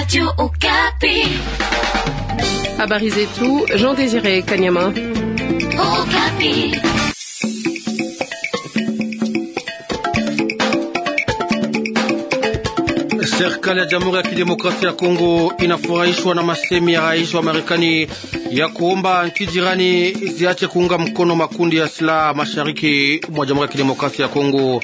Radio Okapi. Habari zetu, Jean Désiré Kanyama. Okapi. Serikali ya Jamhuri ya Kidemokrasia ya Kongo inafurahishwa na masemi ya rais wa Marekani ya kuomba nchi jirani ziache kuunga mkono makundi ya silaha mashariki mwa Jamhuri ya Kidemokrasia ya Kongo.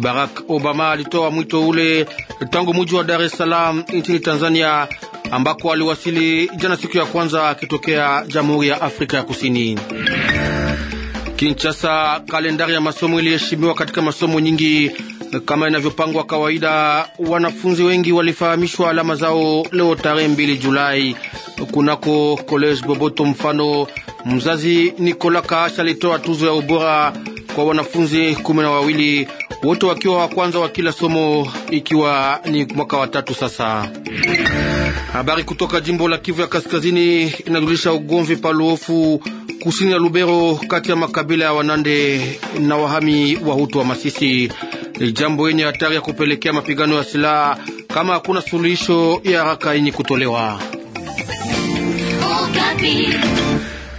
Barack Obama alitoa mwito ule tangu mji wa Dar es Salaam nchini Tanzania, ambako aliwasili jana siku ya kwanza akitokea Jamhuri ya Afrika ya Kusini. Kinshasa, kalendari ya masomo iliheshimiwa katika masomo nyingi kama inavyopangwa kawaida. Wanafunzi wengi walifahamishwa alama zao leo tarehe 2 Julai kunako College Boboto. Mfano, mzazi Nikola Kaasha alitoa tuzo ya ubora kwa wanafunzi kumi na wawili wote wakiwa wa kwanza wa kila somo, ikiwa ni mwaka wa tatu sasa. Habari kutoka jimbo la Kivu ya Kaskazini inajulisha ugomvi paluofu kusini ya Lubero kati ya makabila ya Wanande na wahami wa Hutu wa Masisi, jambo yenye hatari ya kupelekea mapigano ya silaha kama hakuna suluhisho ya haraka yenye kutolewa. Oh,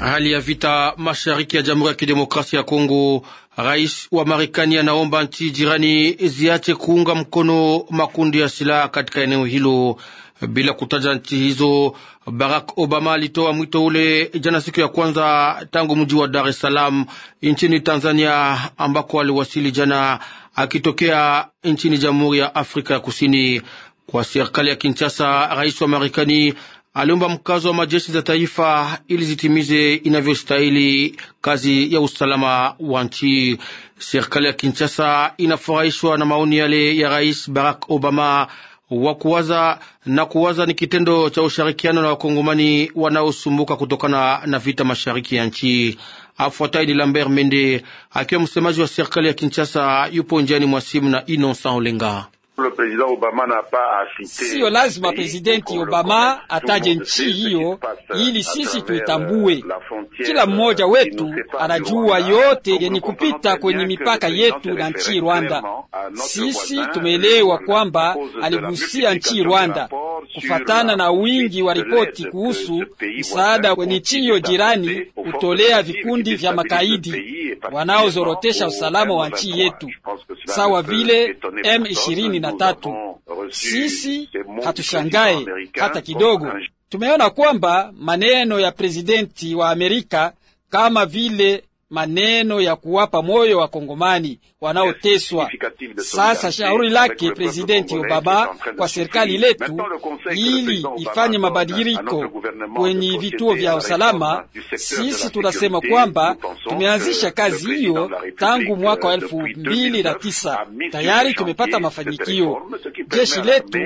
hali ya vita mashariki ya Jamhuri ya Kidemokrasia ya Kongo. Rais wa Marekani anaomba nchi jirani ziache kuunga mkono makundi ya silaha katika eneo hilo. Bila kutaja nchi hizo, Barack Obama alitoa mwito ule jana siku ya kwanza tangu mji wa Dar es Salaam nchini Tanzania, ambako aliwasili jana akitokea nchini Jamhuri ya Afrika ya Kusini. Kwa serikali ya Kinshasa, rais wa Marekani aliomba mkazo wa majeshi za taifa ili zitimize inavyostahili kazi ya usalama wa nchi. Serikali ya Kinshasa inafurahishwa na maoni yale ya Rais Barack Obama wa kuwaza na kuwaza ni kitendo cha ushirikiano na wakongomani wanaosumbuka kutokana na vita mashariki ya nchi. Afuatayi ni Lambert Mende akiwa msemaji wa serikali ya Kinshasa, yupo njiani mwa simu na Innocent Olenga. Siyo lazima Presidenti Obama ataje nchi hiyo ili sisi tuitambue. Euh, Kila mmoja wetu anajua yote yenye kupita kwenye mipaka yetu na nchi Rwanda. Sisi tumeelewa kwamba aligusia nchi Rwanda kufatana na wingi wa ripoti kuhusu msaada kwenye nchi hiyo jirani, kutolea vikundi vya makaidi wanaozorotesha usalama wa nchi yetu sawa vile M23. Sisi hatushangae hata kidogo. Tumeona kwamba maneno ya prezidenti wa Amerika kama vile maneno ya kuwapa moyo wa Kongomani wanaoteswa. Sasa shauri lake Presidenti Obama kwa serikali letu ili ifanye mabadiliko kwenye vituo vya usalama. Sisi tunasema kwamba tumeanzisha kazi hiyo tangu mwaka wa elfu mbili na tisa. Tayari tumepata mafanikio, jeshi letu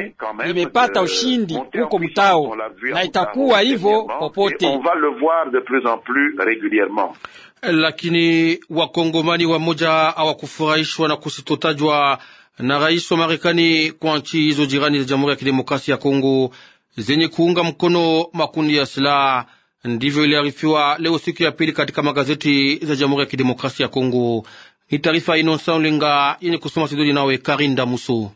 limepata ushindi huko mtao, na itakuwa hivyo popote lakini wakongomani wamoja hawakufu kufurahishwa na kusitotajwa na rais wa Marekani kwa nchi hizo jirani za Jamhuri ya Kidemokrasia ya Kongo zenye kuunga mkono makundi ya silaha. Ndivyo iliarifiwa leo siku ya pili katika magazeti za Jamhuri ya Kidemokrasia ya Kongo. Ni taarifa Inonsa Ulinga yenye kusoma Sidoni nawe Karinda Musu.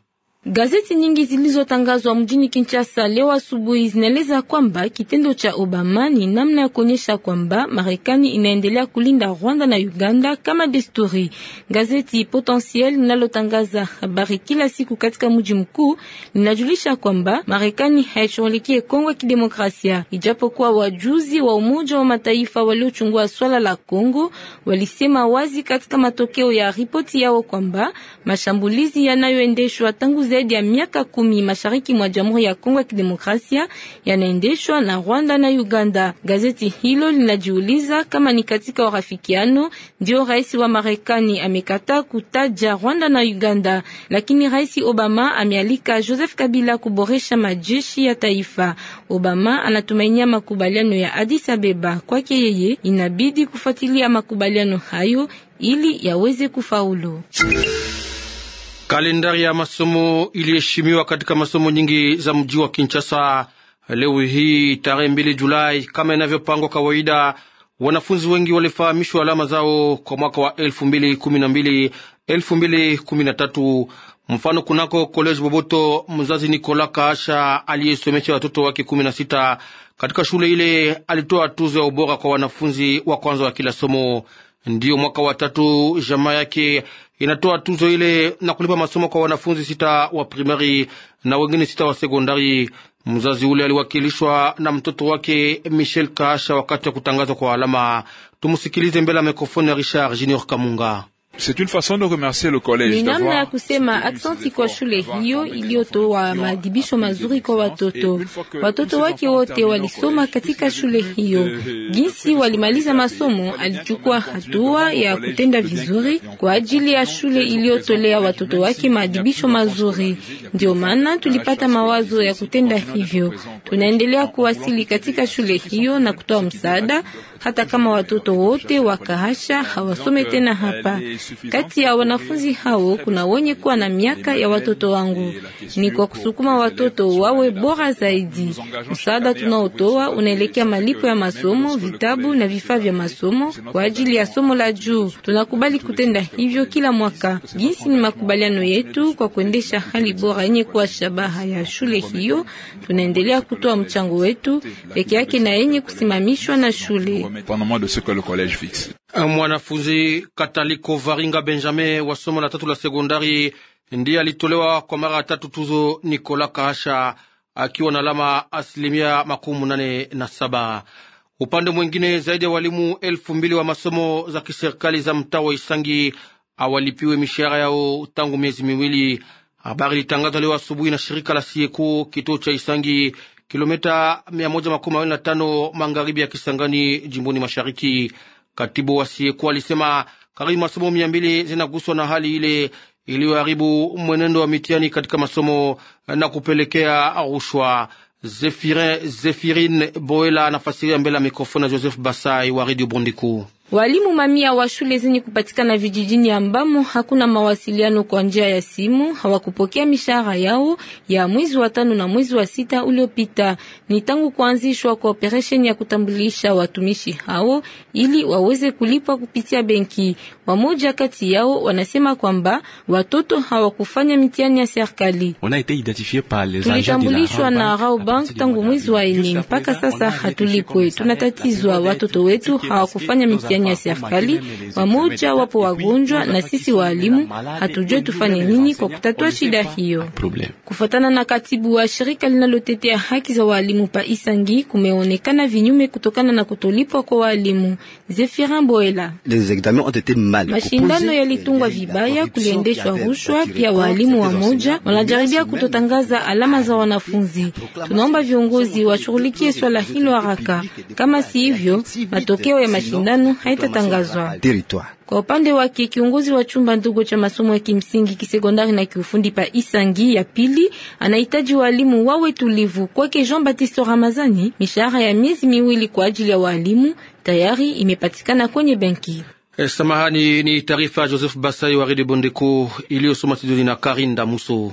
Gazeti nyingi zilizotangazwa mjini Kinshasa leo asubuhi zinaeleza kwamba kitendo cha Obama ni namna ya kuonyesha kwamba Marekani inaendelea kulinda Rwanda na Uganda kama desturi. Gazeti Potentiel linalotangaza habari kila siku katika mji mkuu linajulisha kwamba Marekani haishughulikie Kongo ya Kidemokrasia, ijapokuwa wajuzi wa Umoja wa Mataifa waliochungua swala la Kongo walisema wazi katika matokeo ya ripoti yao kwamba mashambulizi yanayoendeshwa tangu zaidi ya miaka kumi mashariki mwa Jamhuri ya Kongo ya Kidemokrasia yanaendeshwa na Rwanda na Uganda. Gazeti hilo linajiuliza kama ni katika urafikiano ndio rais wa Marekani amekataa kutaja Rwanda na Uganda, lakini Rais Obama amealika Joseph Kabila kuboresha majeshi ya taifa. Obama anatumainia makubaliano ya Addis Abeba. Kwake yeye, inabidi kufuatilia makubaliano hayo ili yaweze kufaulu. Kalendari ya masomo iliheshimiwa katika masomo nyingi za mji wa Kinshasa leo hii tarehe mbili Julai kama inavyopangwa kawaida. Wanafunzi wengi walifahamishwa alama zao kwa mwaka wa elfu mbili kumi na mbili elfu mbili kumi na tatu mfano kunako koleji Boboto, mzazi Nikola Kaasha aliyesomesha watoto wake kumi na sita katika shule ile alitoa tuzo ya ubora kwa wanafunzi wa kwanza wa kila somo. Ndiyo mwaka wa tatu jamaa yake inatoa tuzo ile na kulipa masomo kwa wanafunzi sita wa primari na wengine sita wa sekondari. Mzazi ule aliwakilishwa na mtoto wake Michel Kaasha wakati wa kutangazwa kwa alama. Tumusikilize mbele ya mikrofoni ya Richard Junior Kamunga. C'est une façon de remercier le collège. Ni namna ya kusema aksanti kwa shule hiyo iliyotoa maadibisho mazuri kwa watoto. Watoto wake wote walisoma katika shule hiyo. Jinsi walimaliza masomo, alichukua hatua ya kutenda vizuri kwa ajili ya shule iliyotolea watoto wake maadibisho mazuri. Ndio maana tulipata mawazo ya kutenda hivyo. Tunaendelea kuwasili katika shule hiyo na kutoa msaada, hata kama watoto wote wakahasha hawasome tena hapa. Euh, kati ya wanafunzi hao kuna wenye kuwa na miaka ya watoto wangu. Ni kwa kusukuma watoto wawe bora zaidi. Msaada tunaotoa unaelekea malipo ya masomo, vitabu na vifaa vya masomo kwa ajili ya somo la juu. Tunakubali kutenda hivyo kila mwaka. Jinsi ni makubaliano yetu kwa kuendesha hali bora yenye kuwa shabaha ya shule hiyo, tunaendelea kutoa mchango wetu peke yake na yenye kusimamishwa na shule. Eh, mwanafunzi Kataliko Varinga Benjamin wa somo la tatu la sekondari ndiye alitolewa kwa mara ya tatu tuzo Nikola Kaasha akiwa na alama asilimia makumi nane na saba. Upande mwingine zaidi ya walimu elfu mbili wa masomo za kiserikali za mtaa wa Isangi awalipiwe mishahara yao tangu miezi miwili. Habari ilitangazwa leo asubuhi na shirika la Sieko kituo cha Isangi, kilomita tano magharibi ya Kisangani, jimboni mashariki Katibu wasiyekuwa alisema karibu masomo mia mbili zinaguswa na hali ile iliyoharibu mwenendo wa mitihani katika masomo na kupelekea rushwa. Zefirin Boela anafasiria mbele ya mikrofoni ya Joseph Basai wa Radio bondiku Walimu mamia wa shule zenye kupatikana vijijini ambamo hakuna mawasiliano kwa njia ya simu hawakupokea mishahara yao ya mwezi wa tano na mwezi wa sita uliopita. Ni tangu kuanzishwa kwa operesheni ya kutambulisha watumishi hao ili waweze kulipwa kupitia benki. Wamoja kati yao wanasema kwamba watoto hawakufanya mitihani ya serikali. Tulitambulishwa na Bank tangu mwezi wa ine mpaka sasa hatulipwe. Tunatatizwa, watoto wetu hawakufanya mitihani ndani ya serikali, wamoja wapo wagonjwa na sisi waalimu hatujue tufanye nini kwa kutatua shida hiyo. Kufuatana na katibu wa shirika linalotetea haki za waalimu pa Isangi, kumeonekana vinyume kutokana na kutolipwa kwa waalimu. Zefira Mboela: mashindano yalitungwa vibaya, kuliendeshwa rushwa, pia waalimu wamoja wanajaribia kutotangaza alama za wanafunzi. Tunaomba viongozi washughulikie swala hilo haraka, kama si hivyo matokeo ya mashindano haitatangazwa kwa upande wake kiongozi wa chumba ndogo cha masomo ya kimsingi kisekondari na kiufundi pa Isangi ya pili anahitaji walimu wawe tulivu. Kwake Jean Baptiste Ramazani, mishahara ya miezi miwili kwa ajili ya walimu tayari imepatikana kwenye benki. Eh, samahani, ni taarifa ya Joseph Basai wa Redio Bondeko iliyosoma studioni na Karin Damuso.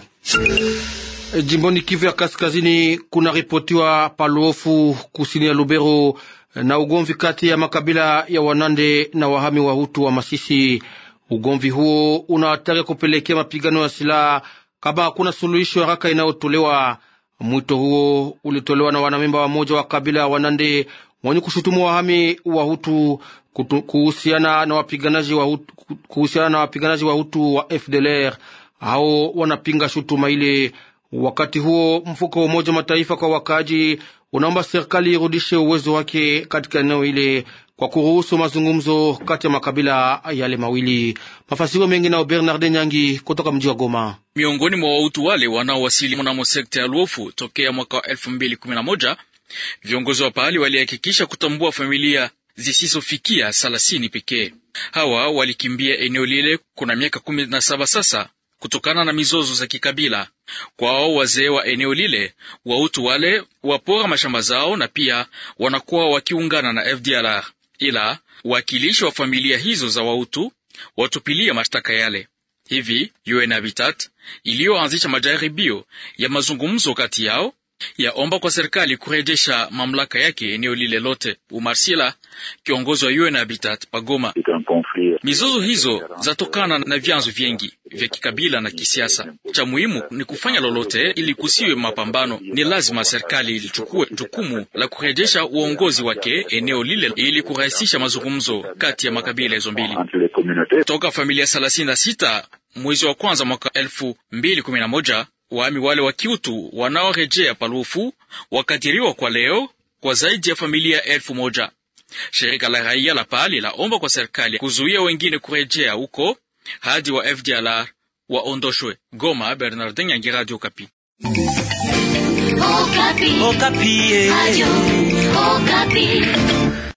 Eh, jimboni Kivu ya Kaskazini kuna ripotiwa paluofu kusini ya Lubero na ugomvi kati ya makabila ya Wanande na wahami wa Hutu wa Masisi. Ugomvi huo una hatari kupelekea mapigano ya silaha kama hakuna suluhisho haraka inayotolewa. Mwito huo ulitolewa na wanamemba wa moja wa kabila ya Wanande wenye kushutumu wahami wa Hutu kuhusiana na wapiganaji wa Hutu, kuhusiana na wapiganaji wa Hutu wa FDLR hao wanapinga shutuma ile. Wakati huo mfuko wa Umoja Mataifa kwa wakaaji unaomba serikali irudishe uwezo wake katika eneo ile kwa kuruhusu mazungumzo kati ya makabila yale mawili. Mafasiro mengi nao Bernard Nyangi kutoka mji wa Goma. Miongoni mwa wautu wale wanaowasili mnamo sekta ya Luofu tokea mwaka wa 211 viongozi wa pahali walihakikisha kutambua familia zisizofikia thelathini pekee. Hawa walikimbia eneo lile kuna miaka kumi na saba sasa kutokana na mizozo za kikabila. Kwao wazee wa eneo lile, wautu wale wapora mashamba zao na pia wanakuwa wakiungana na FDLR, ila wakilishi wa familia hizo za wautu watupilia mashtaka yale. Hivi UN Habitat iliyoanzisha majaribio ya mazungumzo kati yao yaomba kwa serikali kurejesha mamlaka yake eneo lile lote. Umarsila, kiongozi wa UN Habitat pagoma, mizozo hizo zatokana na vyanzo vyengi vya kikabila na kisiasa. Cha muhimu ni kufanya lolote ili kusiwe mapambano. Ni lazima serikali ilichukue jukumu la kurejesha uongozi wake eneo lile ili kurahisisha mazungumzo kati ya makabila hizo mbili. Toka familia thelathini na sita mwezi wa kwanza mwaka elfu mbili kumi na moja waami wale wa Kiutu wanaorejea Palufu wakadiriwa kwa leo kwa zaidi ya familia elfu moja. Shirika la raia la pahali laomba kwa serikali kuzuia wengine kurejea huko hadi wa FDLR waondoshwe. Goma, Bernardin Yangi, Radio Kapi. Okapi. Okapi. Eh.